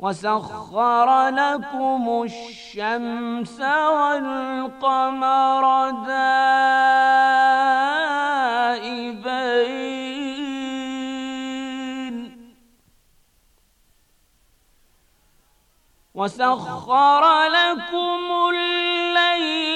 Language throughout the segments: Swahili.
وسخر لكم الشمس والقمر دائبين وسخر لكم الليل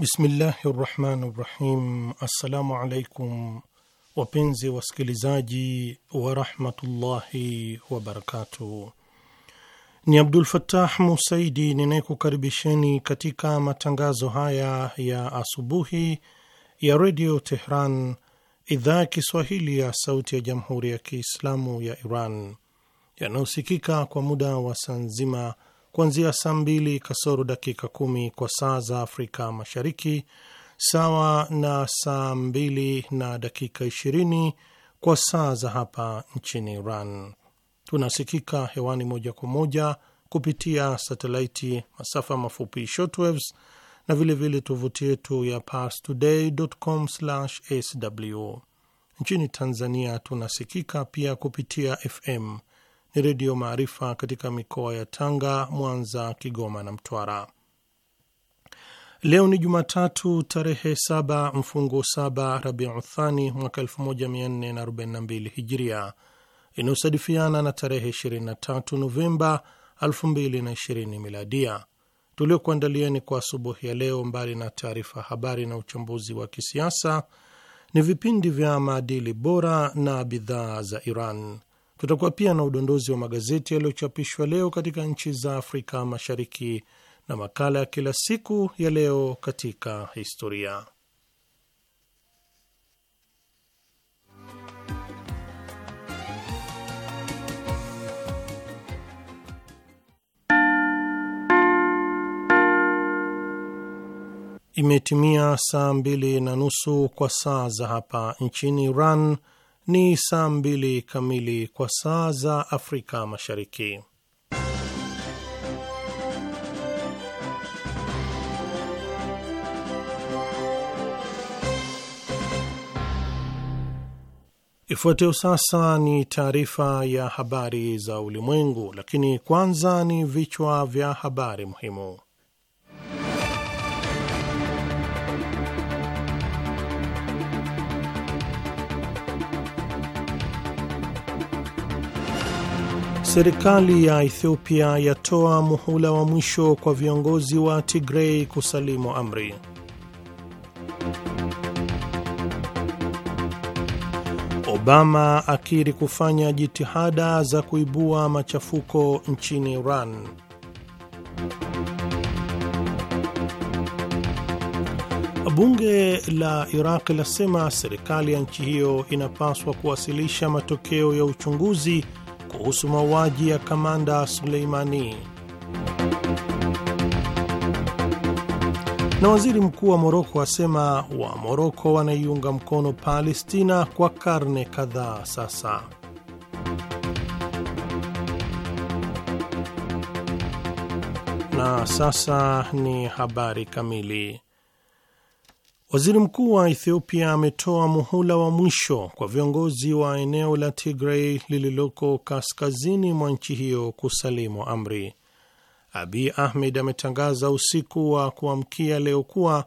Bismillahi rahmani rahim. Assalamu alaikum wapenzi wasikilizaji warahmatullahi wabarakatuh. Ni Abdul Fattah Musaidi ninayekukaribisheni katika matangazo haya ya asubuhi ya redio Tehran, idhaa ya Kiswahili ya sauti ya jamhuri ya Kiislamu ya Iran, yanayosikika kwa muda wa saa nzima kuanzia saa mbili kasoro dakika kumi kwa saa za Afrika Mashariki, sawa na saa mbili na dakika ishirini kwa saa za hapa nchini Iran. Tunasikika hewani moja kwa moja kupitia satelaiti, masafa mafupi shortwaves na vilevile tovuti yetu ya parstoday.com/sw. Nchini Tanzania tunasikika pia kupitia FM ni Redio Maarifa katika mikoa ya Tanga, Mwanza, Kigoma na Mtwara. Leo ni Jumatatu tarehe saba mfungo saba Rabiu Thani mwaka 1442 Hijria, inayosadifiana na tarehe 23 Novemba 2020 Miladia. Tuliokuandalieni kwa asubuhi ya leo, mbali na taarifa habari na uchambuzi wa kisiasa, ni vipindi vya maadili bora na bidhaa za Iran. Tutakuwa pia na udondozi wa magazeti yaliyochapishwa leo katika nchi za Afrika Mashariki na makala ya kila siku ya leo katika historia. Imetimia saa mbili na nusu kwa saa za hapa nchini Iran, ni saa mbili kamili kwa saa za Afrika Mashariki. Ifuatayo sasa ni taarifa ya habari za ulimwengu, lakini kwanza ni vichwa vya habari muhimu. Serikali ya Ethiopia yatoa muhula wa mwisho kwa viongozi wa Tigrei kusalimu amri. Obama akiri kufanya jitihada za kuibua machafuko nchini Iran. Bunge la Iraq lasema serikali ya nchi hiyo inapaswa kuwasilisha matokeo ya uchunguzi kuhusu mauaji ya kamanda Suleimani. Na waziri mkuu wa Moroko asema wa Moroko wanaiunga mkono Palestina kwa karne kadhaa sasa. Na sasa ni habari kamili. Waziri mkuu wa Ethiopia ametoa muhula wa mwisho kwa viongozi wa eneo la Tigray lililoko kaskazini mwa nchi hiyo kusalimu amri. Abiy Ahmed ametangaza usiku wa kuamkia leo kuwa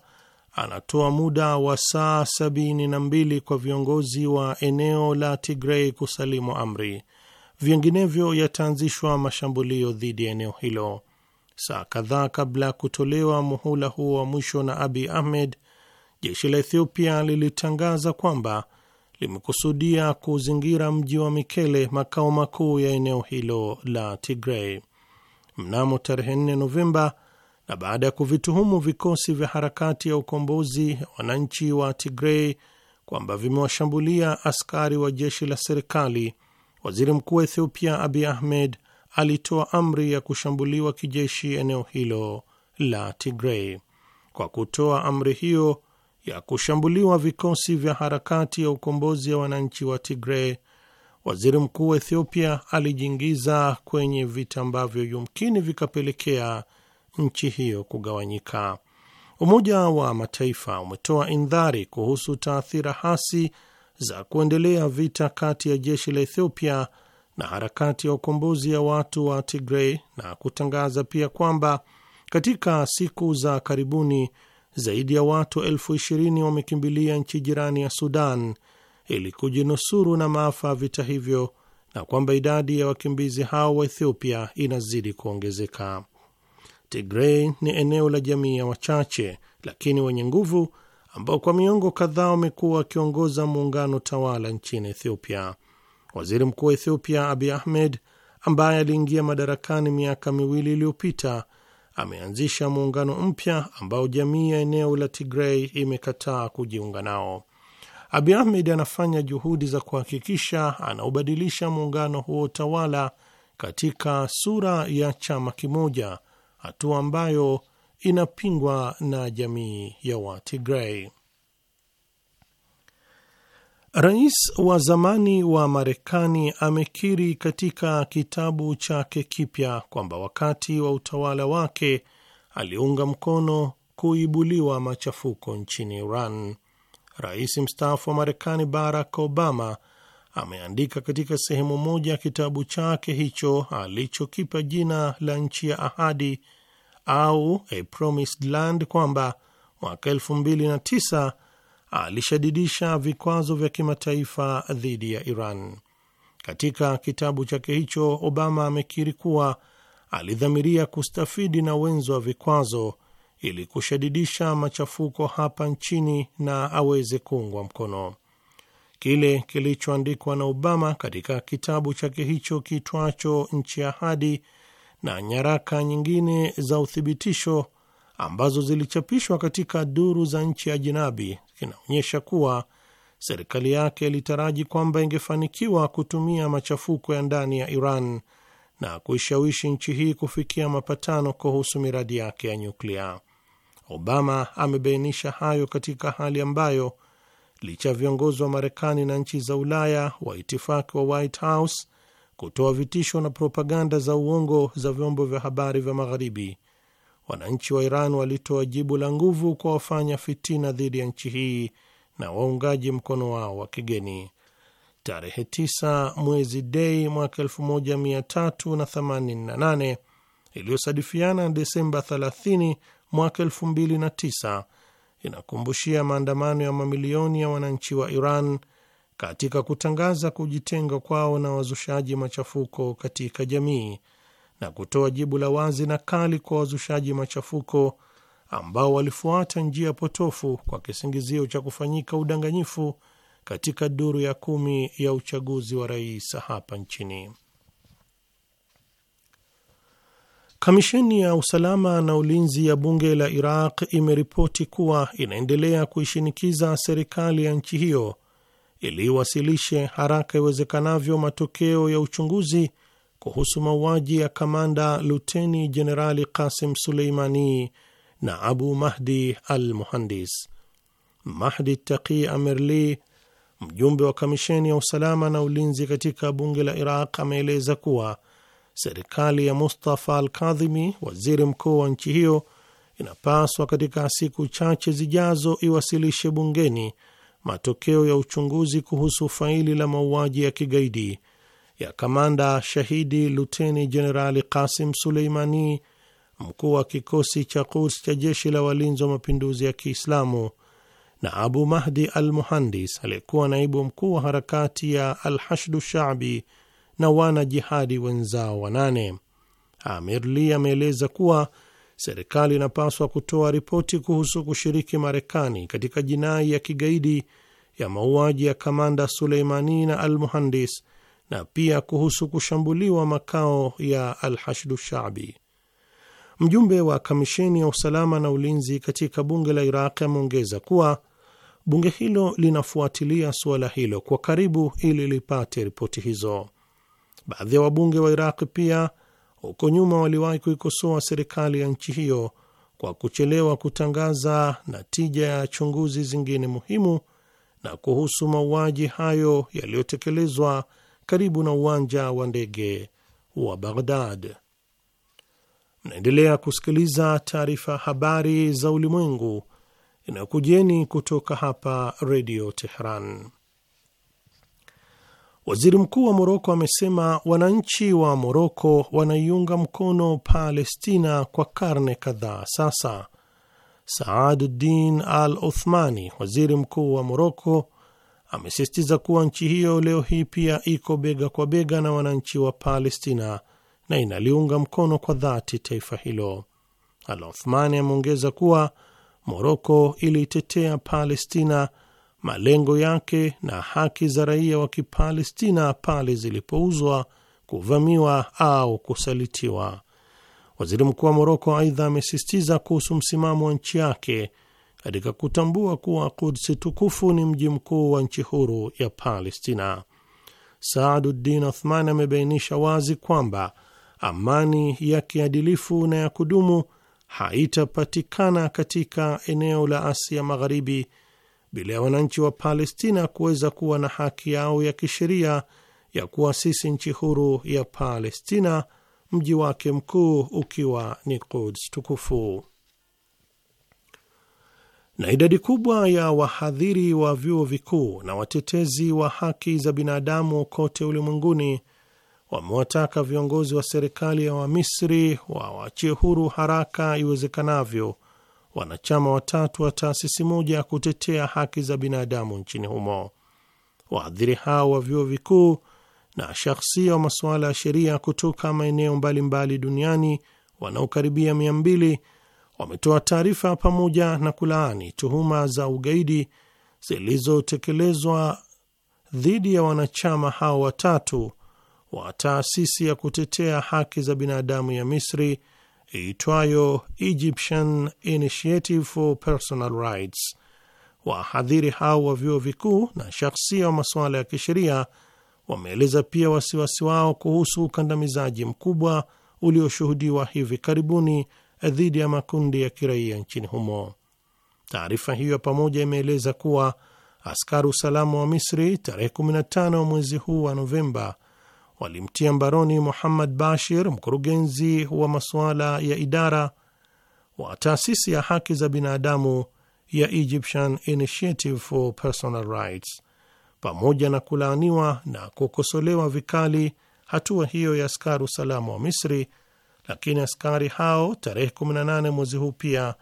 anatoa muda wa saa sabini na mbili kwa viongozi wa eneo la Tigray kusalimu amri, vinginevyo yataanzishwa mashambulio dhidi ya eneo hilo. Saa kadhaa kabla ya kutolewa muhula huo wa mwisho na Abiy Ahmed, jeshi la Ethiopia lilitangaza kwamba limekusudia kuzingira mji wa Mikele, makao makuu ya eneo hilo la Tigray, mnamo tarehe 4 Novemba, na baada ya kuvituhumu vikosi vya harakati ya ukombozi ya wananchi wa Tigray kwamba vimewashambulia askari wa jeshi la serikali, waziri mkuu wa Ethiopia Abiy Ahmed alitoa amri ya kushambuliwa kijeshi eneo hilo la Tigray. Kwa kutoa amri hiyo ya kushambuliwa vikosi vya harakati ya ukombozi ya wananchi wa Tigre, waziri mkuu wa Ethiopia alijiingiza kwenye vita ambavyo yumkini vikapelekea nchi hiyo kugawanyika. Umoja wa Mataifa umetoa indhari kuhusu taathira hasi za kuendelea vita kati ya jeshi la Ethiopia na harakati ya ukombozi ya watu wa Tigray na kutangaza pia kwamba katika siku za karibuni zaidi ya watu elfu ishirini wamekimbilia nchi jirani ya Sudan ili kujinusuru na maafa ya vita hivyo na kwamba idadi ya wakimbizi hao wa Ethiopia inazidi kuongezeka. tigrey ni eneo la jamii ya wachache lakini wenye nguvu ambao kwa miongo kadhaa wamekuwa wakiongoza muungano tawala nchini Ethiopia. Waziri Mkuu wa Ethiopia abi Ahmed ambaye aliingia madarakani miaka miwili iliyopita ameanzisha muungano mpya ambao jamii ya eneo la Tigrei imekataa kujiunga nao. Abi Ahmed anafanya juhudi za kuhakikisha anaubadilisha muungano huo tawala katika sura ya chama kimoja, hatua ambayo inapingwa na jamii ya Watigrei. Rais wa zamani wa Marekani amekiri katika kitabu chake kipya kwamba wakati wa utawala wake aliunga mkono kuibuliwa machafuko nchini Iran. Rais mstaafu wa Marekani Barack Obama ameandika katika sehemu moja ya kitabu chake hicho alichokipa jina la Nchi ya Ahadi au A Promised Land kwamba mwaka 2009 alishadidisha vikwazo vya kimataifa dhidi ya Iran. Katika kitabu chake hicho, Obama amekiri kuwa alidhamiria kustafidi na wenzo wa vikwazo ili kushadidisha machafuko hapa nchini na aweze kuungwa mkono. Kile kilichoandikwa na Obama katika kitabu chake hicho kitwacho Nchi ya Ahadi na nyaraka nyingine za uthibitisho ambazo zilichapishwa katika duru za nchi ya jinabi zinaonyesha kuwa serikali yake ilitaraji kwamba ingefanikiwa kutumia machafuko ya ndani ya Iran na kuishawishi nchi hii kufikia mapatano kuhusu miradi yake ya nyuklia. Obama amebainisha hayo katika hali ambayo licha ya viongozi wa Marekani na nchi za Ulaya wa itifaki wa White House kutoa vitisho na propaganda za uongo za vyombo vya habari vya Magharibi, wananchi wa Iran walitoa jibu la nguvu kwa wafanya fitina dhidi ya nchi hii na waungaji mkono wao wa kigeni. Tarehe 9 mwezi Dei mwaka 1388 iliyosadifiana na Desemba 30 mwaka 2009 inakumbushia maandamano ya mamilioni ya wananchi wa Iran katika kutangaza kujitenga kwao na wazushaji machafuko katika jamii na kutoa jibu la wazi na kali kwa wazushaji machafuko ambao walifuata njia potofu kwa kisingizio cha kufanyika udanganyifu katika duru ya kumi ya uchaguzi wa rais hapa nchini. Kamisheni ya usalama na ulinzi ya bunge la Iraq imeripoti kuwa inaendelea kuishinikiza serikali ya nchi hiyo iliwasilishe haraka iwezekanavyo matokeo ya uchunguzi kuhusu mauaji ya kamanda luteni jenerali Qasim Suleimani na Abu Mahdi al Muhandis. Mahdi Taqi Amerli, mjumbe wa kamisheni ya usalama na ulinzi katika bunge la Iraq, ameeleza kuwa serikali ya Mustafa al Kadhimi, waziri mkuu wa nchi hiyo, inapaswa katika siku chache zijazo iwasilishe bungeni matokeo ya uchunguzi kuhusu faili la mauaji ya kigaidi ya kamanda shahidi luteni jenerali Kasim Suleimani, mkuu wa kikosi cha Quds cha jeshi la walinzi wa mapinduzi ya Kiislamu, na Abu Mahdi al Muhandis aliyekuwa naibu mkuu wa harakati ya Al Hashdu Shabi na wana jihadi wenzao wanane. Amir li ameeleza kuwa serikali inapaswa kutoa ripoti kuhusu kushiriki Marekani katika jinai ya kigaidi ya mauaji ya kamanda Suleimani na Al Muhandis na pia kuhusu kushambuliwa makao ya Alhashdu Shaabi. Mjumbe wa kamisheni ya usalama na ulinzi katika bunge la Iraq ameongeza kuwa bunge hilo linafuatilia suala hilo kwa karibu ili lipate ripoti hizo. Baadhi ya wabunge wa Iraq pia huko nyuma waliwahi kuikosoa serikali ya nchi hiyo kwa kuchelewa kutangaza natija ya chunguzi zingine muhimu na kuhusu mauaji hayo yaliyotekelezwa karibu na uwanja wa ndege wa Baghdad. Mnaendelea kusikiliza taarifa habari za ulimwengu inayokujeni kutoka hapa Redio Tehran. Waziri mkuu wa Moroko amesema wananchi wa Moroko wanaiunga mkono Palestina kwa karne kadhaa sasa. saadudin Al Uthmani, waziri mkuu wa Moroko, amesisitiza kuwa nchi hiyo leo hii pia iko bega kwa bega na wananchi wa Palestina na inaliunga mkono kwa dhati taifa hilo. Al Othmani ameongeza kuwa Moroko ilitetea Palestina, malengo yake na haki za raia wa Kipalestina pale zilipouzwa, kuvamiwa au kusalitiwa. Waziri mkuu wa Moroko aidha amesisitiza kuhusu msimamo wa nchi yake katika kutambua kuwa Kudsi tukufu ni mji mkuu wa nchi huru ya Palestina. Saaduddin Othman amebainisha wazi kwamba amani ya kiadilifu na ya kudumu haitapatikana katika eneo la Asia Magharibi bila ya wananchi wa Palestina kuweza kuwa na haki yao ya kisheria ya kuasisi nchi huru ya Palestina, mji wake mkuu ukiwa ni Quds tukufu na idadi kubwa ya wahadhiri wa vyuo vikuu na watetezi wa haki za binadamu kote ulimwenguni wamewataka viongozi wa serikali ya Wamisri wawachie huru haraka iwezekanavyo wanachama watatu wa taasisi moja ya kutetea haki za binadamu nchini humo. Wahadhiri hao wa vyuo vikuu na shakhsia wa masuala ya sheria kutoka maeneo mbalimbali duniani wanaokaribia mia mbili wametoa taarifa pamoja na kulaani tuhuma za ugaidi zilizotekelezwa dhidi ya wanachama hao watatu wa taasisi ya kutetea haki za binadamu ya Misri iitwayo Egyptian Initiative for Personal Rights. Wahadhiri hao wa vyuo vikuu na shakhsia wa masuala ya kisheria wameeleza pia wasiwasi wao kuhusu ukandamizaji mkubwa ulioshuhudiwa hivi karibuni dhidi ya makundi ya kiraia nchini humo. Taarifa hiyo pamoja imeeleza kuwa askari usalama wa Misri tarehe 15 mwezi huu wa Novemba walimtia mbaroni Muhammad Bashir, mkurugenzi wa masuala ya idara wa taasisi ya haki za binadamu ya Egyptian Initiative for Personal Rights. Pamoja na kulaaniwa na kukosolewa vikali hatua hiyo ya askari usalama wa Misri, lakini askari hao tarehe 18 mwezi huu pia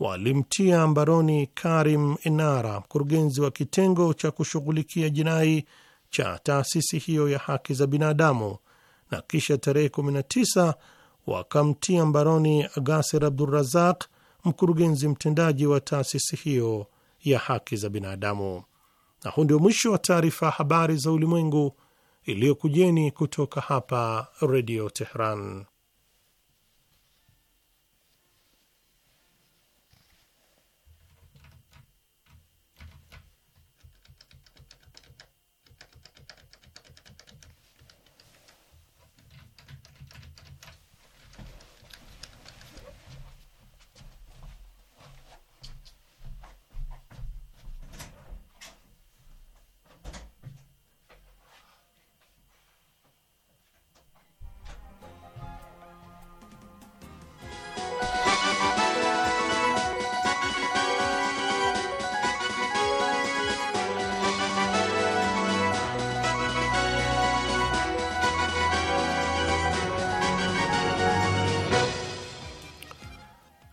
walimtia mbaroni Karim inara mkurugenzi wa kitengo cha kushughulikia jinai cha taasisi hiyo ya haki za binadamu, na kisha tarehe 19 wakamtia mbaroni gaser Abdurazak, mkurugenzi mtendaji wa taasisi hiyo ya haki za binadamu. Na huu ndio mwisho wa taarifa ya habari za ulimwengu iliyokujeni kutoka hapa Redio Tehran.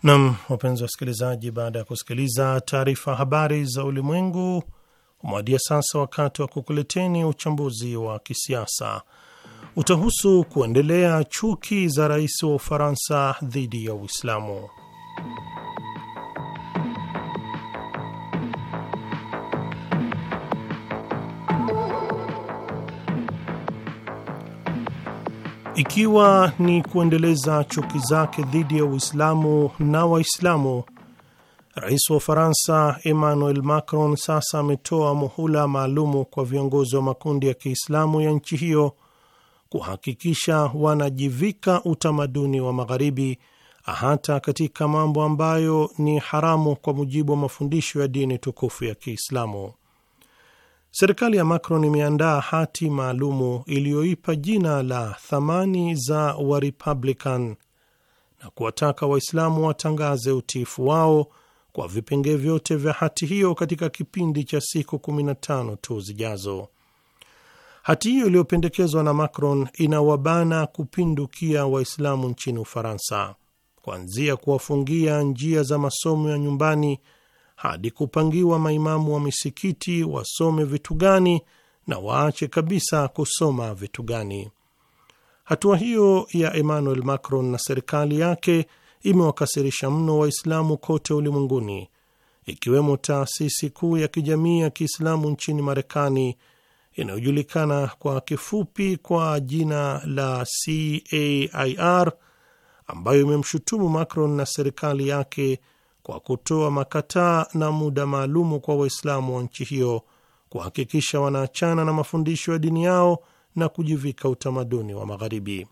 Nam, wapenzi wasikilizaji, baada ya kusikiliza taarifa habari za ulimwengu, umewadia sasa wakati wa kukuleteni uchambuzi wa kisiasa. Utahusu kuendelea chuki za rais wa Ufaransa dhidi ya Uislamu. ikiwa ni kuendeleza chuki zake dhidi ya Uislamu na Waislamu. Rais wa Ufaransa Emmanuel Macron sasa ametoa muhula maalumu kwa viongozi wa makundi ya Kiislamu ya nchi hiyo kuhakikisha wanajivika utamaduni wa Magharibi hata katika mambo ambayo ni haramu kwa mujibu wa mafundisho ya dini tukufu ya Kiislamu. Serikali ya Macron imeandaa hati maalumu iliyoipa jina la thamani za Warepublican na kuwataka Waislamu watangaze utiifu wao kwa vipengee vyote vya hati hiyo katika kipindi cha siku 15 tu zijazo. Hati hiyo iliyopendekezwa na Macron inawabana kupindukia Waislamu nchini Ufaransa, kuanzia kuwafungia njia za masomo ya nyumbani hadi kupangiwa maimamu wa misikiti wasome vitu gani na waache kabisa kusoma vitu gani. Hatua hiyo ya Emmanuel Macron na serikali yake imewakasirisha mno Waislamu kote ulimwenguni, ikiwemo taasisi kuu ya kijamii ya Kiislamu nchini Marekani inayojulikana kwa kifupi kwa jina la CAIR ambayo imemshutumu Macron na serikali yake kwa kutoa makataa na muda maalumu kwa Waislamu wa nchi hiyo kuhakikisha wanaachana na mafundisho ya dini yao na kujivika utamaduni wa Magharibi.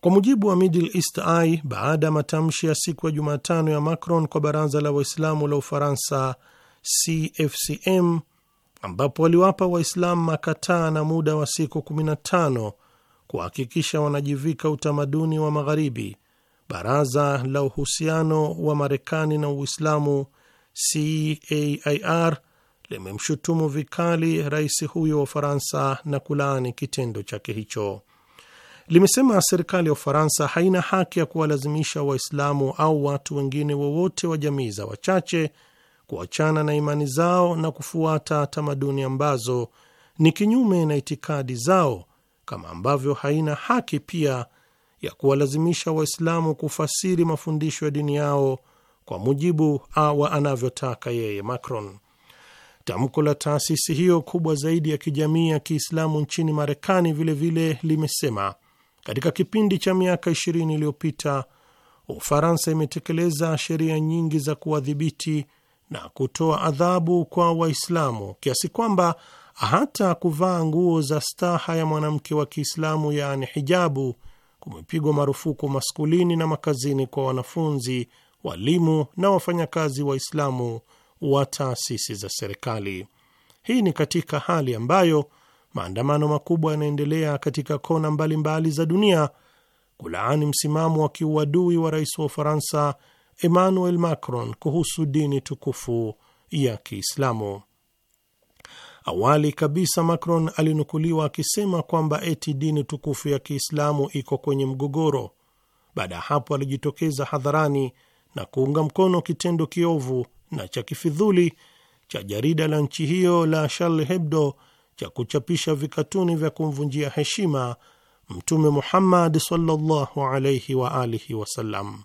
Kwa mujibu wa Middle East Eye, baada ya matamshi ya siku ya Jumatano ya Macron kwa baraza la Waislamu la Ufaransa CFCM, ambapo waliwapa Waislamu makataa na muda wa siku 15 kuhakikisha wanajivika utamaduni wa Magharibi, Baraza la uhusiano wa Marekani na Uislamu CAIR limemshutumu vikali rais huyo wa Ufaransa na kulaani kitendo chake hicho. Limesema serikali ya Ufaransa haina haki ya kuwalazimisha Waislamu au watu wengine wowote wa, jamii za wachache kuachana na imani zao na kufuata tamaduni ambazo ni kinyume na itikadi zao, kama ambavyo haina haki pia ya kuwalazimisha Waislamu kufasiri mafundisho ya dini yao kwa mujibu wa anavyotaka yeye Macron. Tamko la taasisi hiyo kubwa zaidi ya kijamii ya Kiislamu nchini Marekani vilevile limesema katika kipindi cha miaka 20 iliyopita Ufaransa imetekeleza sheria nyingi za kuwadhibiti na kutoa adhabu kwa Waislamu kiasi kwamba hata kuvaa nguo za staha ya mwanamke wa Kiislamu yaani hijabu kumepigwa marufuku maskulini na makazini kwa wanafunzi, walimu na wafanyakazi Waislamu wa taasisi za serikali. Hii ni katika hali ambayo maandamano makubwa yanaendelea katika kona mbalimbali mbali za dunia kulaani msimamo wa kiuadui wa rais wa Ufaransa Emmanuel Macron kuhusu dini tukufu ya Kiislamu. Awali kabisa Macron alinukuliwa akisema kwamba eti dini tukufu ya Kiislamu iko kwenye mgogoro. Baada ya hapo, alijitokeza hadharani na kuunga mkono kitendo kiovu na cha kifidhuli cha jarida la nchi hiyo la Charlie Hebdo cha kuchapisha vikatuni vya kumvunjia heshima Mtume Muhammad sallallahu wa alihi wasallam.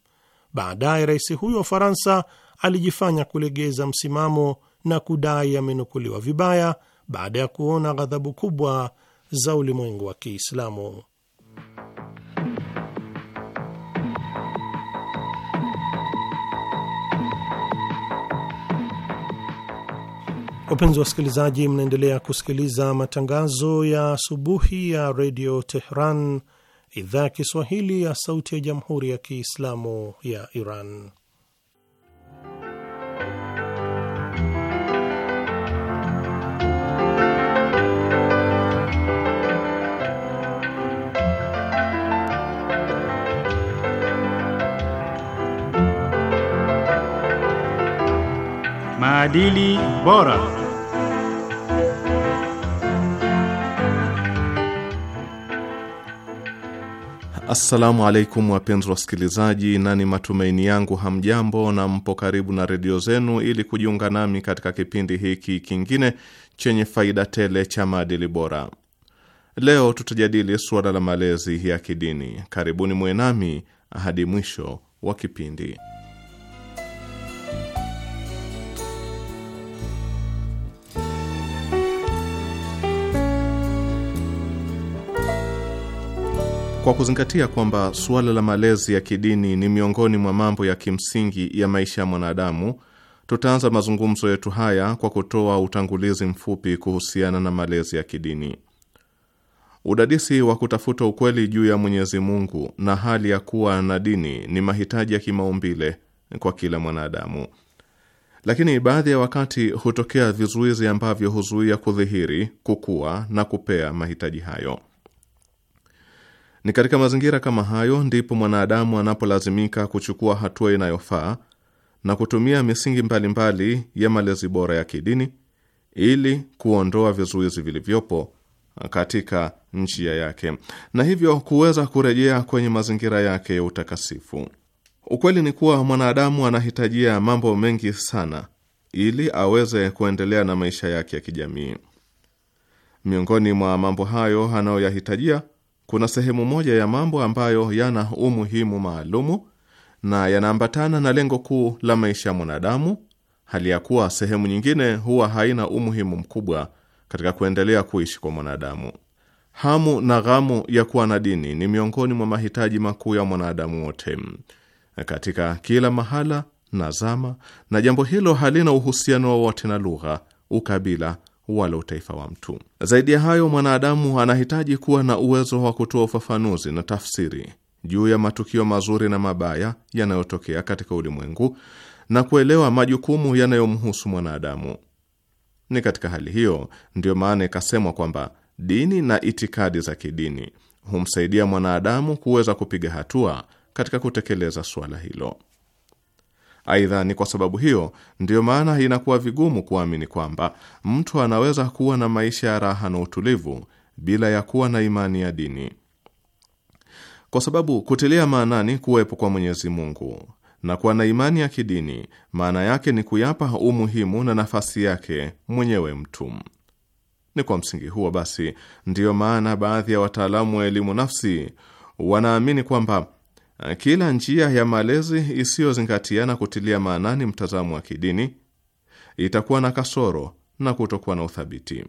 Baadaye rais huyo wa Faransa alijifanya kulegeza msimamo na kudai amenukuliwa vibaya baada ya kuona ghadhabu kubwa za ulimwengu wa Kiislamu. Wapenzi wa wasikilizaji, mnaendelea kusikiliza matangazo ya asubuhi ya redio Tehran, idhaa ya Kiswahili ya sauti ya jamhuri ya Kiislamu ya Iran. Maadili Bora. Assalamu alaikum wapenzi wasikilizaji, na ni matumaini yangu hamjambo na mpo karibu na redio zenu ili kujiunga nami katika kipindi hiki kingine chenye faida tele cha maadili bora. Leo tutajadili suala la malezi ya kidini. Karibuni mwe nami hadi mwisho wa kipindi. Kwa kuzingatia kwamba suala la malezi ya kidini ni miongoni mwa mambo ya kimsingi ya maisha ya mwanadamu, tutaanza mazungumzo yetu haya kwa kutoa utangulizi mfupi kuhusiana na malezi ya kidini. Udadisi wa kutafuta ukweli juu ya Mwenyezi Mungu na hali ya kuwa na dini ni mahitaji ya kimaumbile kwa kila mwanadamu, lakini baadhi ya wakati hutokea vizuizi ambavyo huzuia kudhihiri, kukua na kupea mahitaji hayo. Ni katika mazingira kama hayo ndipo mwanadamu anapolazimika kuchukua hatua inayofaa na kutumia misingi mbalimbali mbali ya malezi bora ya kidini ili kuondoa vizuizi vilivyopo katika njia yake na hivyo kuweza kurejea kwenye mazingira yake ya utakasifu. Ukweli ni kuwa mwanadamu anahitajia mambo mengi sana ili aweze kuendelea na maisha yake ya kijamii. Miongoni mwa mambo hayo anayoyahitajia kuna sehemu moja ya mambo ambayo yana umuhimu maalumu na yanaambatana na lengo kuu la maisha ya mwanadamu, hali ya kuwa sehemu nyingine huwa haina umuhimu mkubwa katika kuendelea kuishi kwa mwanadamu. Hamu na ghamu ya kuwa na dini ni miongoni mwa mahitaji makuu ya mwanadamu wote katika kila mahala na zama, na jambo hilo halina uhusiano wowote na lugha, ukabila wala utaifa wa mtu. Zaidi ya hayo, mwanadamu anahitaji kuwa na uwezo wa kutoa ufafanuzi na tafsiri juu ya matukio mazuri na mabaya yanayotokea katika ulimwengu na kuelewa majukumu yanayomhusu mwanadamu. Ni katika hali hiyo ndiyo maana ikasemwa kwamba dini na itikadi za kidini humsaidia mwanadamu kuweza kupiga hatua katika kutekeleza suala hilo. Aidha, ni kwa sababu hiyo ndiyo maana inakuwa vigumu kuamini kwamba mtu anaweza kuwa na maisha ya raha na utulivu bila ya kuwa na imani ya dini, kwa sababu kutilia maanani kuwepo kwa Mwenyezi Mungu na kuwa na imani ya kidini maana yake ni kuyapa umuhimu na nafasi yake mwenyewe mtu. Ni kwa msingi huo basi ndiyo maana baadhi ya wataalamu wa elimu nafsi wanaamini kwamba kila njia ya malezi isiyozingatia na kutilia maanani mtazamo wa kidini itakuwa na kasoro na kutokuwa na uthabiti,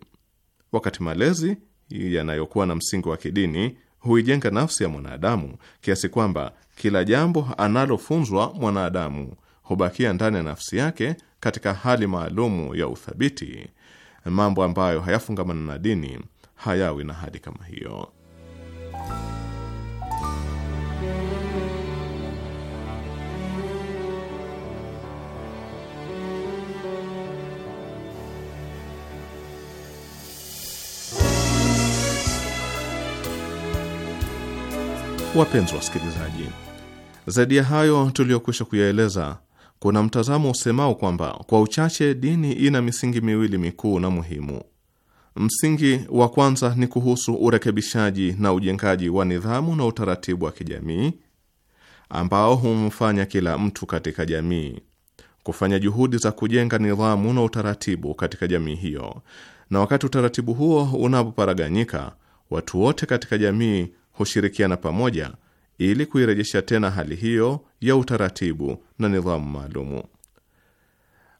wakati malezi yanayokuwa na msingi wa kidini huijenga nafsi ya mwanadamu kiasi kwamba kila jambo analofunzwa mwanadamu hubakia ndani ya nafsi yake katika hali maalumu ya uthabiti. Mambo ambayo hayafungamana na dini hayawi na hali kama hiyo. Wapenzi wasikilizaji, zaidi ya hayo tuliyokwisha kuyaeleza, kuna mtazamo usemao kwamba kwa uchache dini ina misingi miwili mikuu na muhimu. Msingi wa kwanza ni kuhusu urekebishaji na ujengaji wa nidhamu na utaratibu wa kijamii ambao humfanya kila mtu katika jamii kufanya juhudi za kujenga nidhamu na utaratibu katika jamii hiyo, na wakati utaratibu huo unapoparaganyika, watu wote katika jamii hushirikiana pamoja ili kuirejesha tena hali hiyo ya utaratibu na nidhamu maalumu.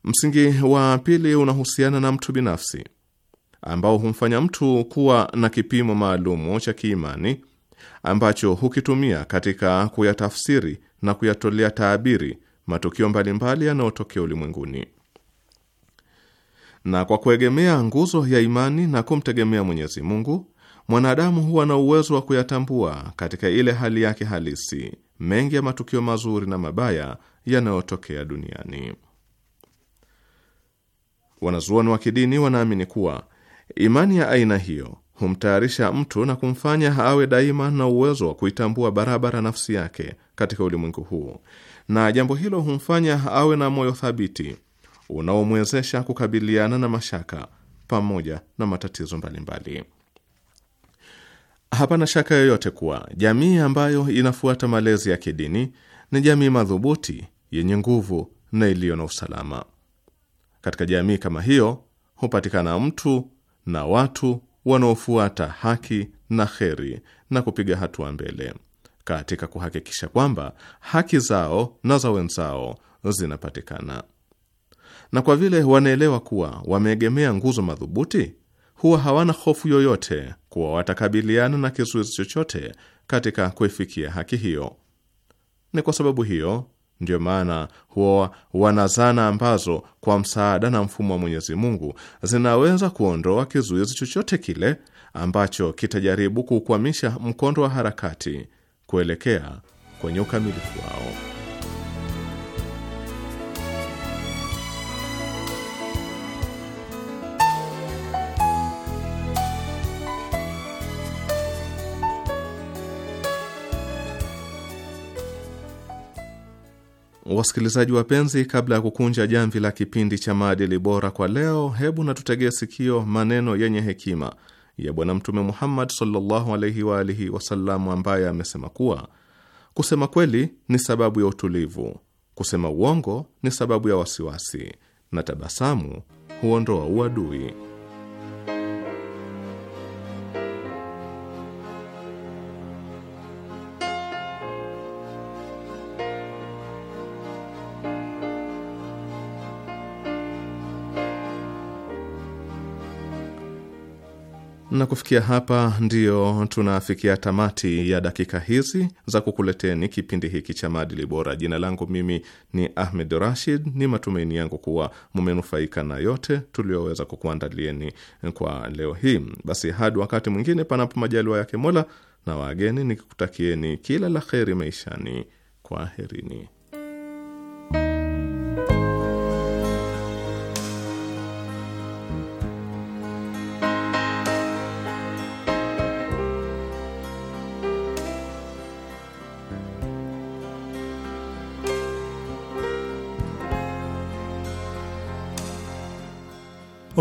Msingi wa pili unahusiana na mtu binafsi ambao humfanya mtu kuwa na kipimo maalumu cha kiimani ambacho hukitumia katika kuyatafsiri na kuyatolea taabiri matukio mbalimbali yanayotokea ulimwenguni. Na kwa kuegemea nguzo ya imani na kumtegemea Mwenyezi Mungu, mwanadamu huwa na uwezo wa kuyatambua katika ile hali yake halisi mengi ya matukio mazuri na mabaya yanayotokea duniani. Wanazuoni wa kidini wanaamini kuwa imani ya aina hiyo humtayarisha mtu na kumfanya awe daima na uwezo wa kuitambua barabara nafsi yake katika ulimwengu huu, na jambo hilo humfanya awe na moyo thabiti unaomwezesha kukabiliana na mashaka pamoja na matatizo mbalimbali mbali. Hapana shaka yoyote kuwa jamii ambayo inafuata malezi ya kidini ni jamii madhubuti, yenye nguvu na iliyo na usalama. Katika jamii kama hiyo hupatikana mtu na watu wanaofuata haki na kheri na kupiga hatua mbele katika kuhakikisha kwamba haki zao na za wenzao zinapatikana, na kwa vile wanaelewa kuwa wameegemea nguzo madhubuti huwa hawana hofu yoyote kuwa watakabiliana na kizuizi chochote katika kuifikia haki hiyo. Ni kwa sababu hiyo ndiyo maana huwa wana zana ambazo kwa msaada na mfumo wa Mwenyezi Mungu zinaweza kuondoa kizuizi chochote kile ambacho kitajaribu kuukwamisha mkondo wa harakati kuelekea kwenye ukamilifu wao. Wasikilizaji wapenzi, kabla ya kukunja jamvi la kipindi cha maadili bora kwa leo, hebu na tutegee sikio maneno yenye hekima ya Bwana Mtume Muhammad sallallahu alaihi wa alihi wasallam, ambaye amesema kuwa kusema kweli ni sababu ya utulivu, kusema uongo ni sababu ya wasiwasi, na tabasamu huondoa uadui. na kufikia hapa ndiyo tunafikia tamati ya dakika hizi za kukuleteni kipindi hiki cha maadili bora. Jina langu mimi ni Ahmed Rashid. Ni matumaini yangu kuwa mumenufaika na yote tulioweza kukuandalieni kwa leo hii. Basi hadi wakati mwingine, panapo majaliwa yake Mola na wageni, nikikutakieni kila la kheri maishani. Kwaherini.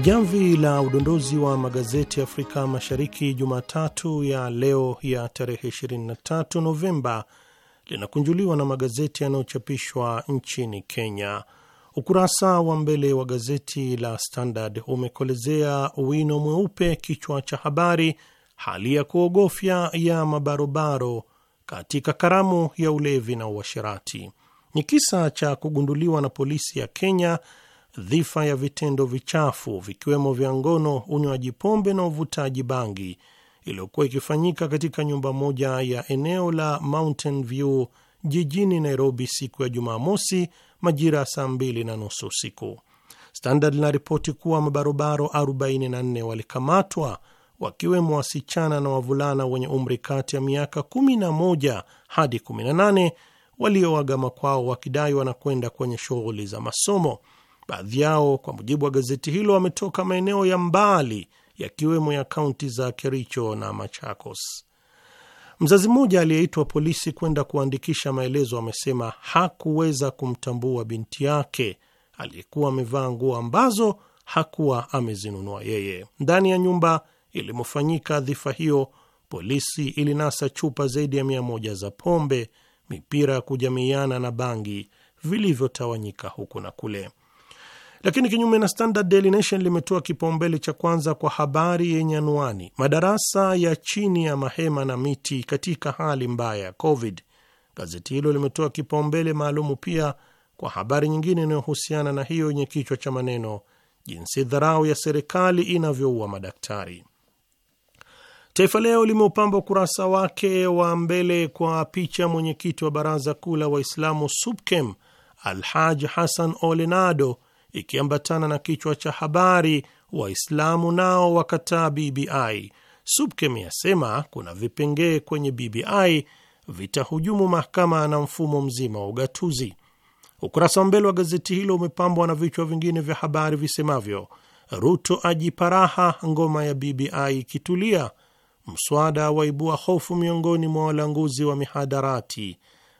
Jamvi la udondozi wa magazeti ya Afrika Mashariki Jumatatu ya leo ya tarehe 23 Novemba linakunjuliwa na magazeti yanayochapishwa nchini Kenya. Ukurasa wa mbele wa gazeti la Standard umekolezea wino mweupe kichwa cha habari, hali ya kuogofya ya mabarobaro katika karamu ya ulevi na uasherati. Ni kisa cha kugunduliwa na polisi ya Kenya dhifa ya vitendo vichafu vikiwemo vya ngono, unywaji pombe na uvutaji bangi iliyokuwa ikifanyika katika nyumba moja ya eneo la Mountain View jijini Nairobi siku ya Jumamosi majira ya saa mbili na nusu usiku. Standard linaripoti kuwa mabarobaro 44 walikamatwa wakiwemo wasichana na wavulana wenye umri kati ya miaka 11 hadi 18 waliowaga makwao wakidai wanakwenda kwenye shughuli za masomo. Baadhi yao kwa mujibu wa gazeti hilo wametoka maeneo ya mbali yakiwemo ya kaunti za Kericho na Machakos. Mzazi mmoja aliyeitwa polisi kwenda kuandikisha maelezo amesema hakuweza kumtambua binti yake aliyekuwa amevaa nguo ambazo hakuwa amezinunua yeye. Ndani ya nyumba ilimofanyika dhifa hiyo, polisi ilinasa chupa zaidi ya mia moja za pombe, mipira ya kujamiiana na bangi vilivyotawanyika huku na kule. Lakini kinyume na Standard, Daily Nation limetoa kipaumbele cha kwanza kwa habari yenye anwani madarasa ya chini ya mahema na miti katika hali mbaya ya Covid. Gazeti hilo limetoa kipaumbele maalumu pia kwa habari nyingine inayohusiana na hiyo yenye kichwa cha maneno jinsi dharau ya serikali inavyoua madaktari. Taifa Leo limeupamba ukurasa wake wa mbele kwa picha mwenyekiti wa baraza kuu la Waislamu SUPKEM Alhaj Hassan Olenado ikiambatana na kichwa cha habari Waislamu nao wakataa BBI. Subkem asema kuna vipengee kwenye BBI vitahujumu mahakama na mfumo mzima wa ugatuzi. Ukurasa wa mbele wa gazeti hilo umepambwa na vichwa vingine vya habari visemavyo: Ruto ajiparaha, ngoma ya BBI ikitulia, mswada waibua hofu miongoni mwa walanguzi wa mihadarati,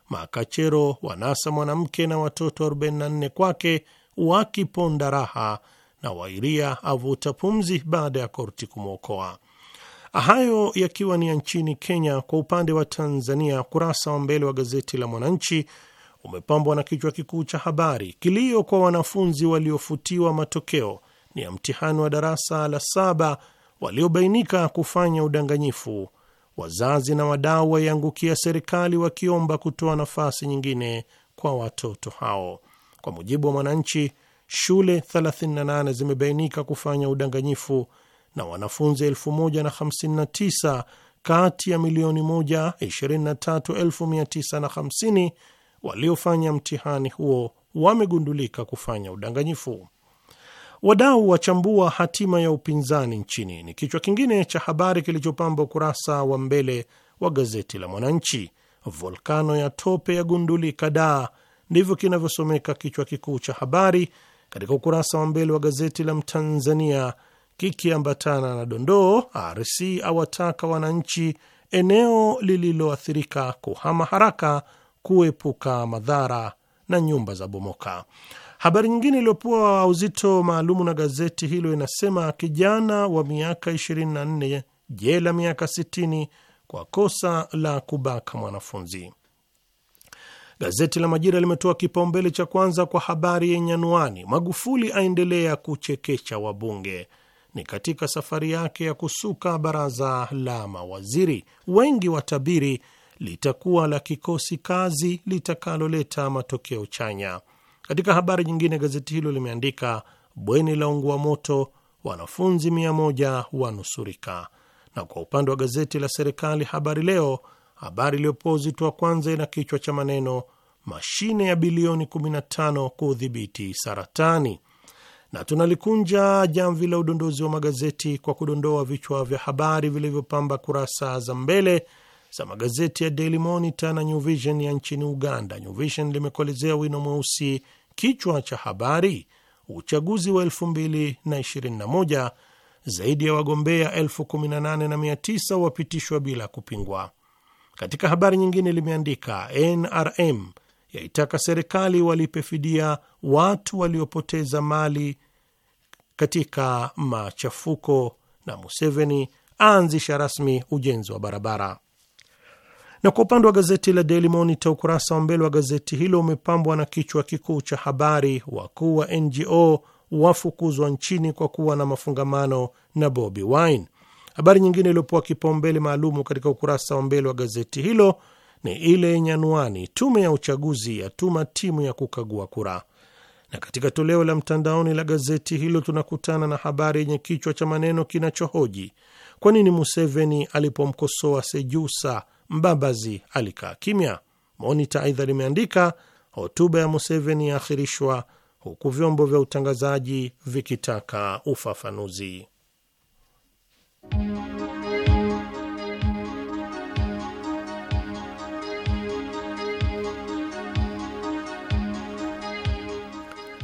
makachero wanasa mwanamke na watoto 44 kwake wakiponda raha na Wairia avuta pumzi baada ya korti kumwokoa. Hayo yakiwa ni ya nchini Kenya. Kwa upande wa Tanzania, kurasa wa mbele wa gazeti la Mwananchi umepambwa na kichwa kikuu cha habari, kilio kwa wanafunzi waliofutiwa matokeo ni ya mtihani wa darasa la saba waliobainika kufanya udanganyifu, wazazi na wadau waiangukia serikali wakiomba kutoa nafasi nyingine kwa watoto hao. Kwa mujibu wa Mwananchi, shule 38 zimebainika kufanya udanganyifu na wanafunzi 1059 kati ya milioni 123,950 waliofanya mtihani huo wamegundulika kufanya udanganyifu. Wadau wachambua hatima ya upinzani nchini ni kichwa kingine cha habari kilichopamba ukurasa wa mbele wa gazeti la Mwananchi. Volkano ya tope yagundulika Daa, Ndivyo kinavyosomeka kichwa kikuu cha habari katika ukurasa wa mbele wa gazeti la Mtanzania, kikiambatana na dondoo, RC awataka wananchi eneo lililoathirika kuhama haraka kuepuka madhara na nyumba za bomoka. Habari nyingine iliyopewa uzito maalumu na gazeti hilo inasema kijana wa miaka 24 jela miaka 60 kwa kosa la kubaka mwanafunzi. Gazeti la Majira limetoa kipaumbele cha kwanza kwa habari yenye anwani Magufuli aendelea kuchekecha wabunge. Ni katika safari yake ya kusuka baraza la mawaziri, wengi watabiri litakuwa la kikosi kazi litakaloleta matokeo chanya. Katika habari nyingine, gazeti hilo limeandika bweni la ungua moto, wanafunzi mia moja wanusurika. Na kwa upande wa gazeti la serikali Habari Leo Habari iliyopewa uzito wa kwanza ina kichwa cha maneno mashine ya bilioni 15 kudhibiti saratani, na tunalikunja jamvi la udondozi wa magazeti kwa kudondoa vichwa vya habari vilivyopamba kurasa za mbele za magazeti ya Daily Monitor na New Vision ya nchini Uganda. New Vision limekolezea wino mweusi kichwa cha habari, uchaguzi wa 2021 zaidi ya wagombea 18,900 wapitishwa bila kupingwa. Katika habari nyingine limeandika NRM yaitaka serikali walipe fidia watu waliopoteza mali katika machafuko, na Museveni aanzisha rasmi ujenzi wa barabara. Na kwa upande wa gazeti la Daily Monitor, ukurasa wa mbele wa gazeti hilo umepambwa na kichwa kikuu cha habari, wakuu wa NGO wafukuzwa nchini kwa kuwa na mafungamano na Bobi Wine. Habari nyingine iliyopewa kipaumbele maalumu katika ukurasa wa mbele wa gazeti hilo ni ile yenye anwani tume ya uchaguzi yatuma timu ya kukagua kura. Na katika toleo la mtandaoni la gazeti hilo tunakutana na habari yenye kichwa cha maneno kinachohoji kwa nini Museveni alipomkosoa Sejusa Mbabazi alikaa kimya. Monita aidha limeandika hotuba ya Museveni yaahirishwa huku vyombo vya utangazaji vikitaka ufafanuzi.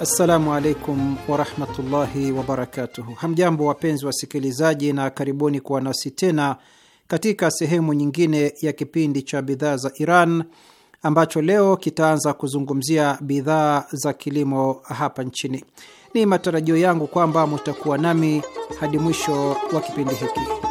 Assalamu alaikum warahmatullahi wabarakatuhu. Hamjambo wapenzi wasikilizaji, na karibuni kuwa nasi tena katika sehemu nyingine ya kipindi cha bidhaa za Iran ambacho leo kitaanza kuzungumzia bidhaa za kilimo hapa nchini. Ni matarajio yangu kwamba mutakuwa nami hadi mwisho wa kipindi hiki.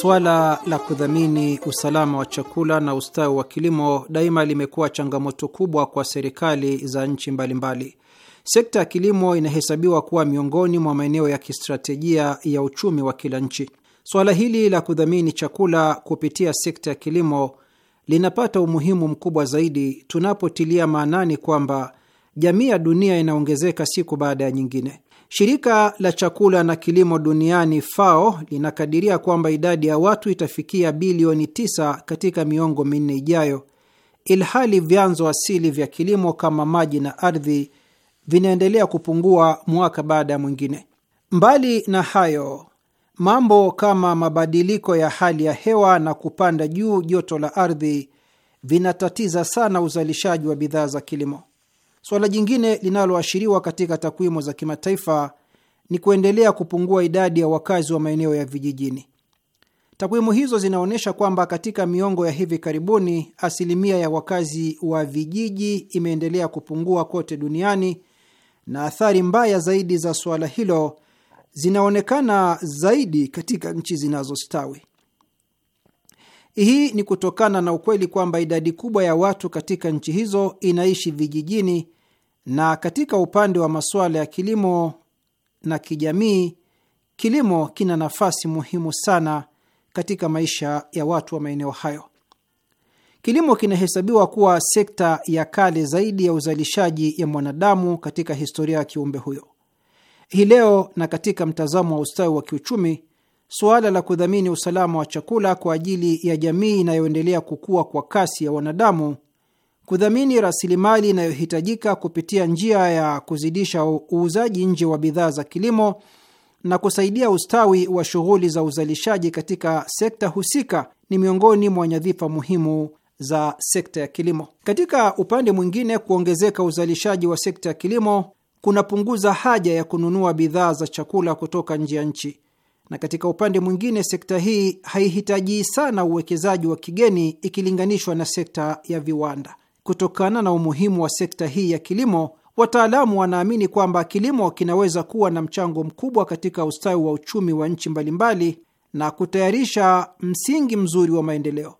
Suala la kudhamini usalama wa chakula na ustawi wa kilimo daima limekuwa changamoto kubwa kwa serikali za nchi mbalimbali. Sekta ya kilimo inahesabiwa kuwa miongoni mwa maeneo ya kistratejia ya uchumi wa kila nchi. Suala hili la kudhamini chakula kupitia sekta ya kilimo linapata umuhimu mkubwa zaidi tunapotilia maanani kwamba jamii ya dunia inaongezeka siku baada ya nyingine. Shirika la chakula na kilimo duniani FAO linakadiria kwamba idadi ya watu itafikia bilioni 9 katika miongo minne ijayo, ilhali vyanzo asili vya kilimo kama maji na ardhi vinaendelea kupungua mwaka baada ya mwingine. Mbali na hayo, mambo kama mabadiliko ya hali ya hewa na kupanda juu joto la ardhi vinatatiza sana uzalishaji wa bidhaa za kilimo. Suala jingine linaloashiriwa katika takwimu za kimataifa ni kuendelea kupungua idadi ya wakazi wa maeneo ya vijijini. Takwimu hizo zinaonyesha kwamba katika miongo ya hivi karibuni asilimia ya wakazi wa vijiji imeendelea kupungua kote duniani, na athari mbaya zaidi za suala hilo zinaonekana zaidi katika nchi zinazostawi. Hii ni kutokana na ukweli kwamba idadi kubwa ya watu katika nchi hizo inaishi vijijini, na katika upande wa masuala ya kilimo na kijamii, kilimo kina nafasi muhimu sana katika maisha ya watu wa maeneo hayo. Kilimo kinahesabiwa kuwa sekta ya kale zaidi ya uzalishaji ya mwanadamu katika historia ya kiumbe huyo. Hii leo na katika mtazamo wa ustawi wa kiuchumi, suala la kudhamini usalama wa chakula kwa ajili ya jamii inayoendelea kukua kwa kasi ya wanadamu, kudhamini rasilimali inayohitajika kupitia njia ya kuzidisha uuzaji nje wa bidhaa za kilimo na kusaidia ustawi wa shughuli za uzalishaji katika sekta husika ni miongoni mwa nyadhifa muhimu za sekta ya kilimo. Katika upande mwingine, kuongezeka uzalishaji wa sekta ya kilimo kunapunguza haja ya kununua bidhaa za chakula kutoka nje ya nchi na katika upande mwingine, sekta hii haihitaji sana uwekezaji wa kigeni ikilinganishwa na sekta ya viwanda. Kutokana na umuhimu wa sekta hii ya kilimo, wataalamu wanaamini kwamba kilimo kinaweza kuwa na mchango mkubwa katika ustawi wa uchumi wa nchi mbalimbali na kutayarisha msingi mzuri wa maendeleo.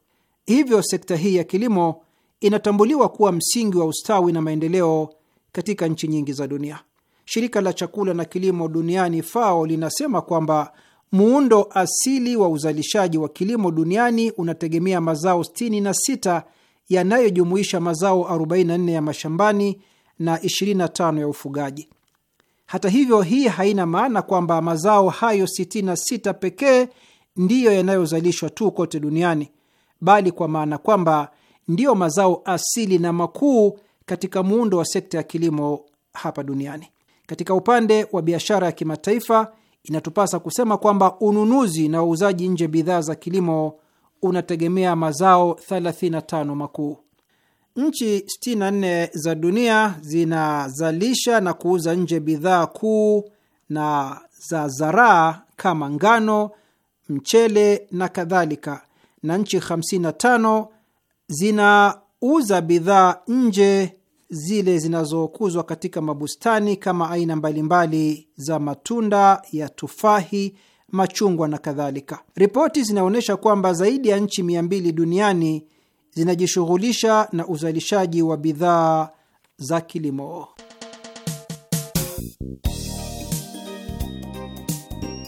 Hivyo, sekta hii ya kilimo inatambuliwa kuwa msingi wa ustawi na maendeleo katika nchi nyingi za dunia. Shirika la chakula na kilimo duniani FAO linasema kwamba Muundo asili wa uzalishaji wa kilimo duniani unategemea mazao 66 yanayojumuisha mazao 44 ya mashambani na 25 ya ufugaji. Hata hivyo, hii haina maana kwamba mazao hayo 66 pekee ndiyo yanayozalishwa tu kote duniani, bali kwa maana kwamba ndiyo mazao asili na makuu katika muundo wa sekta ya kilimo hapa duniani. Katika upande wa biashara ya kimataifa inatupasa kusema kwamba ununuzi na uuzaji nje bidhaa za kilimo unategemea mazao 35 makuu. Nchi 64 za dunia zinazalisha na kuuza nje bidhaa kuu na za zaraa kama ngano, mchele na kadhalika, na nchi 55 zinauza bidhaa nje zile zinazokuzwa katika mabustani kama aina mbalimbali za matunda ya tufahi, machungwa na kadhalika. Ripoti zinaonyesha kwamba zaidi ya nchi mia mbili duniani zinajishughulisha na uzalishaji wa bidhaa za kilimo.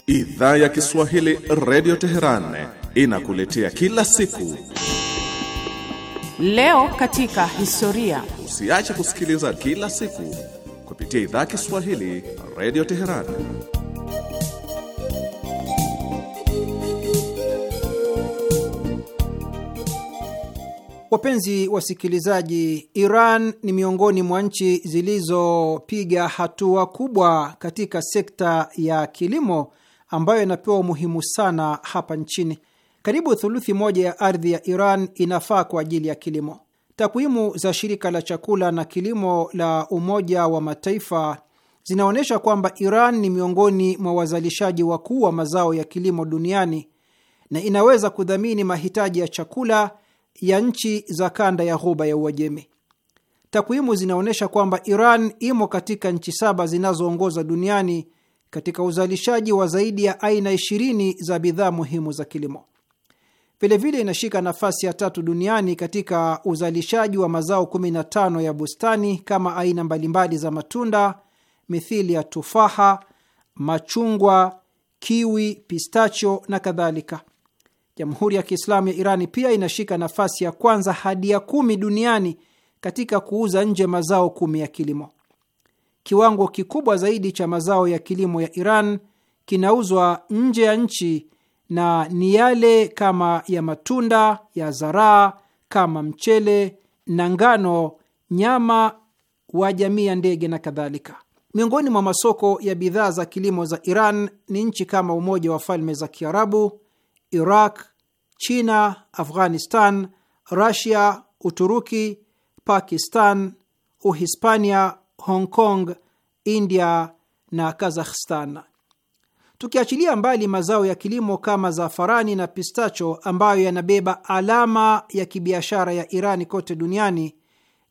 Idhaa ya Kiswahili Redio Teheran inakuletea kila siku. Leo katika historia usiache kusikiliza kila siku kupitia idhaa Kiswahili Radio Teheran. Wapenzi wasikilizaji, Iran ni miongoni mwa nchi zilizopiga hatua kubwa katika sekta ya kilimo ambayo inapewa umuhimu sana hapa nchini. Karibu thuluthi moja ya ardhi ya Iran inafaa kwa ajili ya kilimo. Takwimu za shirika la chakula na kilimo la Umoja wa Mataifa zinaonyesha kwamba Iran ni miongoni mwa wazalishaji wakuu wa mazao ya kilimo duniani na inaweza kudhamini mahitaji ya chakula ya nchi za kanda ya Ghuba ya Uajemi. Takwimu zinaonyesha kwamba Iran imo katika nchi saba zinazoongoza duniani katika uzalishaji wa zaidi ya aina 20 za bidhaa muhimu za kilimo. Vilevile inashika nafasi ya tatu duniani katika uzalishaji wa mazao 15 ya bustani kama aina mbalimbali za matunda mithili ya tufaha, machungwa, kiwi, pistacho na kadhalika. Jamhuri ya Kiislamu ya Irani pia inashika nafasi ya kwanza hadi ya kumi duniani katika kuuza nje mazao kumi ya kilimo. Kiwango kikubwa zaidi cha mazao ya kilimo ya Iran kinauzwa nje ya nchi na ni yale kama ya matunda ya zaraa kama mchele na ngano, nyama wa jamii ya ndege na kadhalika. Miongoni mwa masoko ya bidhaa za kilimo za Iran ni nchi kama Umoja wa Falme za Kiarabu, Iraq, China, Afghanistan, Rusia, Uturuki, Pakistan, Uhispania, Hong Kong, India na Kazakhstan tukiachilia mbali mazao ya kilimo kama zafarani na pistacho ambayo yanabeba alama ya kibiashara ya Irani kote duniani,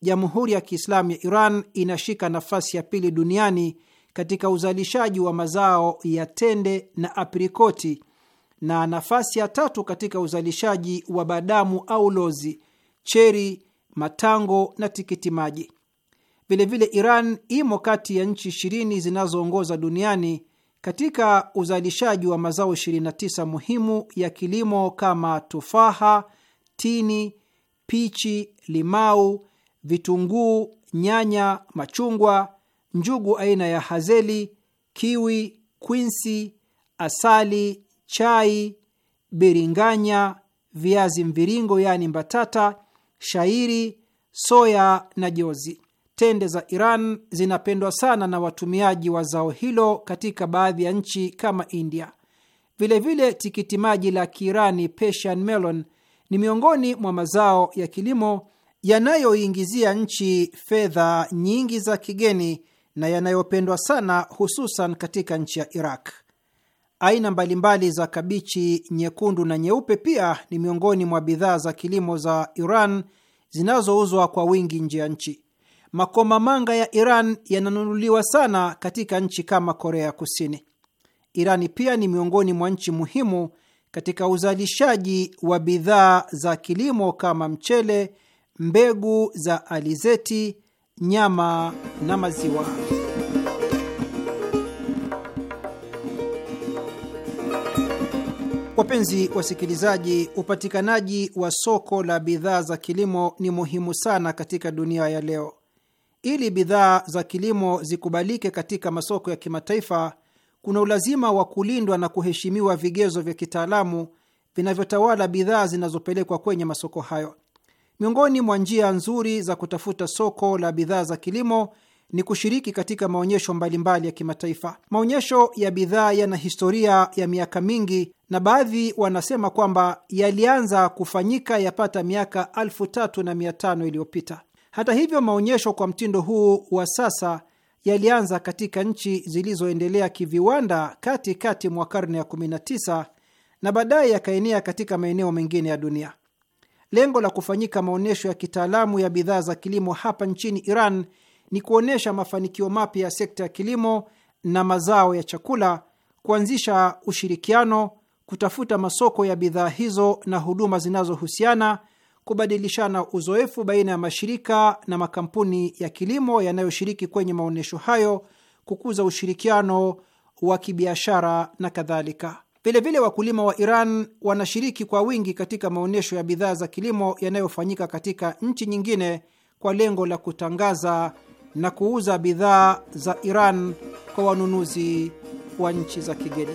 Jamhuri ya Kiislamu ya Iran inashika nafasi ya pili duniani katika uzalishaji wa mazao ya tende na aprikoti na nafasi ya tatu katika uzalishaji wa badamu au lozi, cheri, matango na tikiti maji. Vilevile, Iran imo kati ya nchi ishirini zinazoongoza duniani katika uzalishaji wa mazao 29 muhimu ya kilimo kama tufaha, tini, pichi, limau, vitunguu, nyanya, machungwa, njugu aina ya hazeli, kiwi, kwinsi, asali, chai, biringanya, viazi mviringo yaani mbatata, shairi, soya na jozi tende za Iran zinapendwa sana na watumiaji wa zao hilo katika baadhi ya nchi kama India. Vilevile, tikiti maji la Kiirani Persian melon ni miongoni mwa mazao ya kilimo yanayoingizia nchi fedha nyingi za kigeni na yanayopendwa sana hususan katika nchi ya Iraq. Aina mbalimbali za kabichi nyekundu na nyeupe pia ni miongoni mwa bidhaa za kilimo za Iran zinazouzwa kwa wingi nje ya nchi makomamanga ya Iran yananunuliwa sana katika nchi kama Korea ya Kusini. Irani pia ni miongoni mwa nchi muhimu katika uzalishaji wa bidhaa za kilimo kama mchele, mbegu za alizeti, nyama na maziwa. Wapenzi wasikilizaji, upatikanaji wa soko la bidhaa za kilimo ni muhimu sana katika dunia ya leo. Ili bidhaa za kilimo zikubalike katika masoko ya kimataifa, kuna ulazima wa kulindwa na kuheshimiwa vigezo vya kitaalamu vinavyotawala bidhaa zinazopelekwa kwenye masoko hayo. Miongoni mwa njia nzuri za kutafuta soko la bidhaa za kilimo ni kushiriki katika maonyesho mbalimbali ya kimataifa. Maonyesho ya bidhaa yana historia ya miaka mingi, na baadhi wanasema kwamba yalianza kufanyika yapata miaka elfu tatu na mia tano iliyopita. Hata hivyo, maonyesho kwa mtindo huu wa sasa yalianza katika nchi zilizoendelea kiviwanda kati kati mwa karne ya 19 na baadaye yakaenea katika maeneo mengine ya dunia. Lengo la kufanyika maonyesho ya kitaalamu ya bidhaa za kilimo hapa nchini Iran ni kuonyesha mafanikio mapya ya sekta ya kilimo na mazao ya chakula, kuanzisha ushirikiano, kutafuta masoko ya bidhaa hizo na huduma zinazohusiana kubadilishana uzoefu baina ya mashirika na makampuni ya kilimo yanayoshiriki kwenye maonyesho hayo, kukuza ushirikiano wa kibiashara na kadhalika. Vilevile, wakulima wa Iran wanashiriki kwa wingi katika maonyesho ya bidhaa za kilimo yanayofanyika katika nchi nyingine kwa lengo la kutangaza na kuuza bidhaa za Iran kwa wanunuzi wa nchi za kigeni.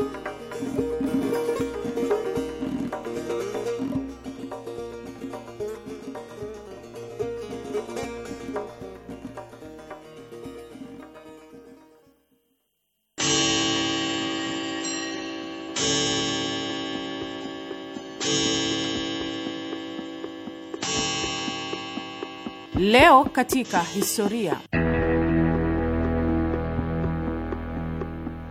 Leo katika historia.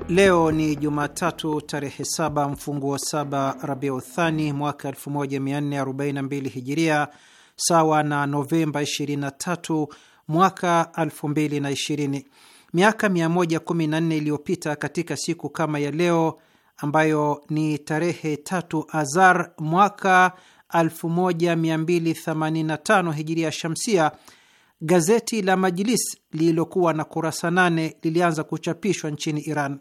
Leo ni Jumatatu tarehe saba mfunguo saba Rabiu Thani mwaka 1442 Hijiria, sawa na Novemba 23 mwaka 2020. Miaka 114 iliyopita katika siku kama ya leo ambayo ni tarehe tatu Azar mwaka 1285 hijiria shamsia, gazeti la Majlis lililokuwa na kurasa nane lilianza kuchapishwa nchini Iran.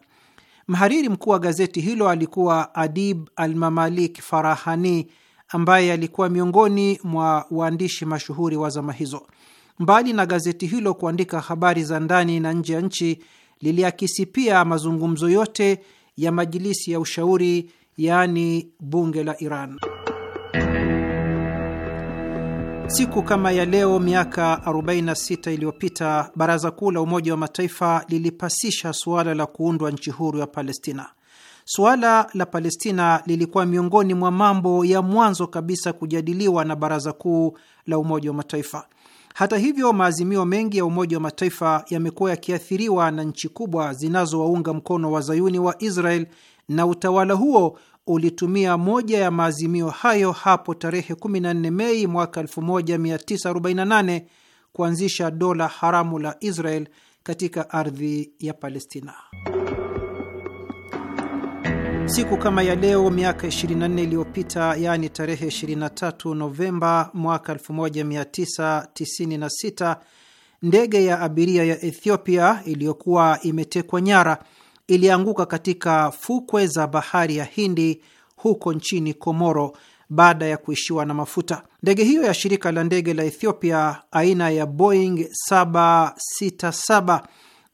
Mhariri mkuu wa gazeti hilo alikuwa Adib Almamalik Farahani ambaye alikuwa miongoni mwa waandishi mashuhuri wa zama hizo. Mbali na gazeti hilo kuandika habari za ndani na nje ya nchi, liliakisi pia mazungumzo yote ya Majilisi ya Ushauri, yaani bunge la Iran. Siku kama ya leo miaka 46 iliyopita Baraza Kuu la Umoja wa Mataifa lilipasisha suala la kuundwa nchi huru ya Palestina. Suala la Palestina lilikuwa miongoni mwa mambo ya mwanzo kabisa kujadiliwa na Baraza Kuu la Umoja wa Mataifa. Hata hivyo, maazimio mengi ya Umoja wa Mataifa yamekuwa yakiathiriwa na nchi kubwa zinazowaunga mkono wazayuni wa Israel na utawala huo ulitumia moja ya maazimio hayo hapo tarehe 14 Mei mwaka 1948 kuanzisha dola haramu la Israel katika ardhi ya Palestina. Siku kama ya leo miaka 24 iliyopita, yaani tarehe 23 Novemba mwaka 1996, ndege ya abiria ya Ethiopia iliyokuwa imetekwa nyara ilianguka katika fukwe za bahari ya Hindi huko nchini Komoro baada ya kuishiwa na mafuta. Ndege hiyo ya shirika la ndege la Ethiopia aina ya Boeing 767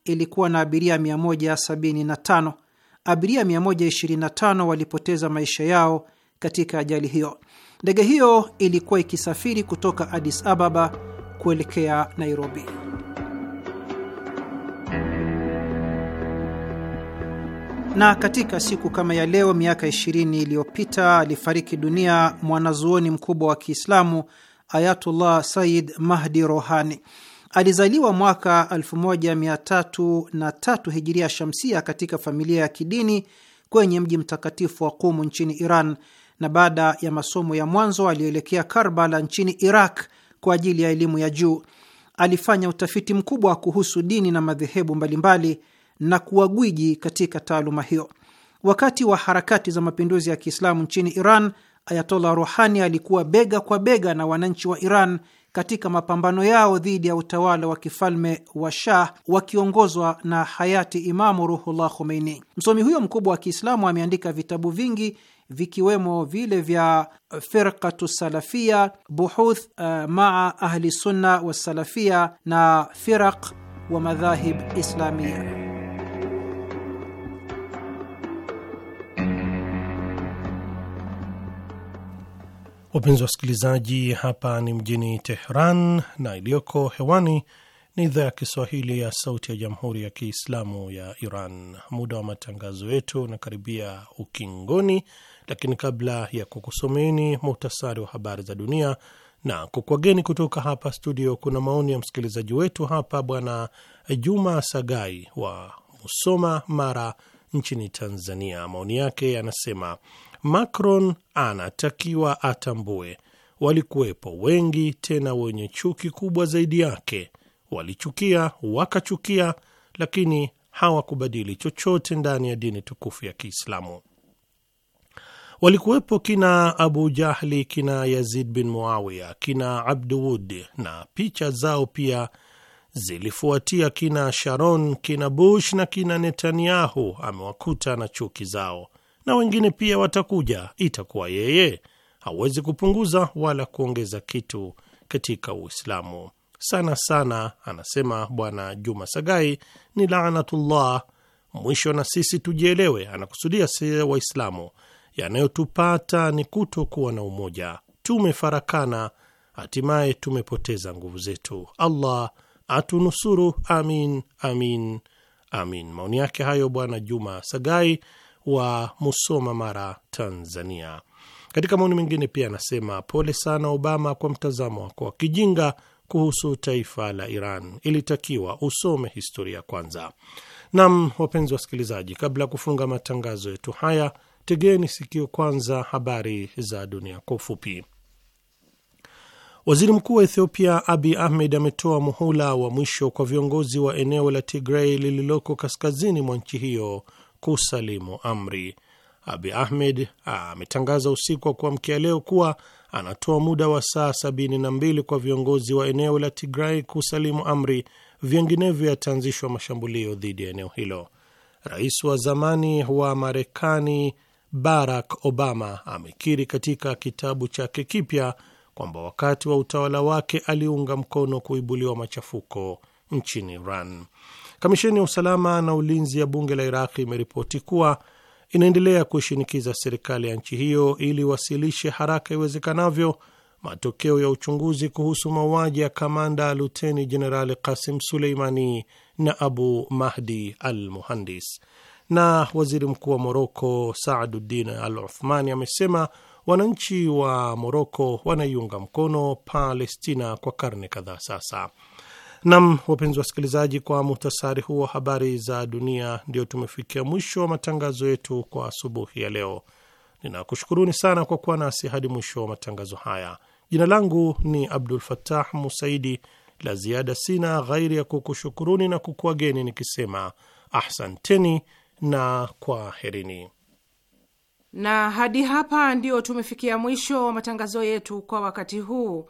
ilikuwa na abiria 175. Abiria 125 walipoteza maisha yao katika ajali hiyo. Ndege hiyo ilikuwa ikisafiri kutoka Addis Ababa kuelekea Nairobi. na katika siku kama ya leo miaka 20 iliyopita alifariki dunia mwanazuoni mkubwa wa Kiislamu Ayatullah Said Mahdi Rohani. Alizaliwa mwaka 1303 hijiria shamsia katika familia ya kidini kwenye mji mtakatifu wa Kumu nchini Iran, na baada ya masomo ya mwanzo alielekea Karbala nchini Iraq kwa ajili ya elimu ya juu. Alifanya utafiti mkubwa kuhusu dini na madhehebu mbalimbali na kuwa gwiji katika taaluma hiyo. Wakati wa harakati za mapinduzi ya Kiislamu nchini Iran, Ayatollah Rohani alikuwa bega kwa bega na wananchi wa Iran katika mapambano yao dhidi ya utawala wa kifalme wa Shah wakiongozwa na hayati Imamu Ruhullah Khomeini. Msomi huyo mkubwa wa Kiislamu ameandika vitabu vingi vikiwemo vile vya Firqatu Salafia, Buhuth uh, maa Ahli Sunna Wassalafia na Firaq wa Madhahib Islamia. Wapenzi wasikilizaji, hapa ni mjini Teheran na iliyoko hewani ni idhaa ya Kiswahili ya Sauti ya Jamhuri ya Kiislamu ya Iran. Muda wa matangazo yetu unakaribia ukingoni, lakini kabla ya kukusomeni muhtasari wa habari za dunia na kukwageni kutoka hapa studio, kuna maoni ya msikilizaji wetu hapa, Bwana Juma Sagai wa Musoma, Mara, nchini Tanzania. Maoni yake yanasema: Macron anatakiwa atambue walikuwepo wengi tena wenye chuki kubwa zaidi yake, walichukia wakachukia, lakini hawakubadili chochote ndani ya dini tukufu ya Kiislamu. Walikuwepo kina Abu Jahli, kina Yazid bin Muawiya, kina Abduwud, na picha zao pia zilifuatia kina Sharon, kina Bush na kina Netanyahu. Amewakuta na chuki zao na wengine pia watakuja, itakuwa yeye hawezi kupunguza wala kuongeza kitu katika Uislamu. Sana sana, anasema Bwana Juma Sagai, ni laanatullah. Mwisho na sisi tujielewe, anakusudia si Waislamu. Yanayotupata ni kutokuwa na umoja, tumefarakana, hatimaye tumepoteza nguvu zetu. Allah atunusuru, amin, amin, amin. Maoni yake hayo Bwana Juma Sagai wa Musoma, Mara, Tanzania. Katika maoni mengine pia anasema pole sana Obama kwa mtazamo wako wa kijinga kuhusu taifa la Iran, ilitakiwa usome historia kwanza. Nam, wapenzi wasikilizaji, kabla ya kufunga matangazo yetu haya, tegeni sikio kwanza habari za dunia kwa ufupi. Waziri mkuu wa Ethiopia Abi Ahmed ametoa muhula wa mwisho kwa viongozi wa eneo la Tigrei lililoko kaskazini mwa nchi hiyo kusalimu amri. Abi Ahmed ametangaza usiku wa kuamkia leo kuwa anatoa muda wa saa mbili kwa viongozi wa eneo la tigrai kusalimu amri, vinginevyo yataanzishwa mashambulio dhidi ya eneo hilo. Rais wa zamani wa Marekani Barack Obama amekiri katika kitabu chake kipya kwamba wakati wa utawala wake aliunga mkono kuibuliwa machafuko nchini Iran. Kamisheni ya usalama na ulinzi ya bunge la Iraqi imeripoti kuwa inaendelea kuishinikiza serikali ya nchi hiyo ili wasilishe haraka iwezekanavyo matokeo ya uchunguzi kuhusu mauaji ya kamanda luteni jenerali Qasim Suleimani na Abu Mahdi al Muhandis. Na waziri mkuu wa Moroko Saaduddin al Uthmani amesema wananchi wa Moroko wanaiunga mkono Palestina kwa karne kadhaa sasa. Nam, wapenzi wasikilizaji, kwa muhtasari huu wa habari za dunia, ndio tumefikia mwisho wa matangazo yetu kwa asubuhi ya leo. Ninakushukuruni sana kwa kuwa nasi hadi mwisho wa matangazo haya. Jina langu ni Abdul fatah Musaidi. La ziada sina ghairi ya kukushukuruni na kukuageni nikisema ahsanteni na kwaherini. Na hadi hapa ndio tumefikia mwisho wa matangazo yetu kwa wakati huu.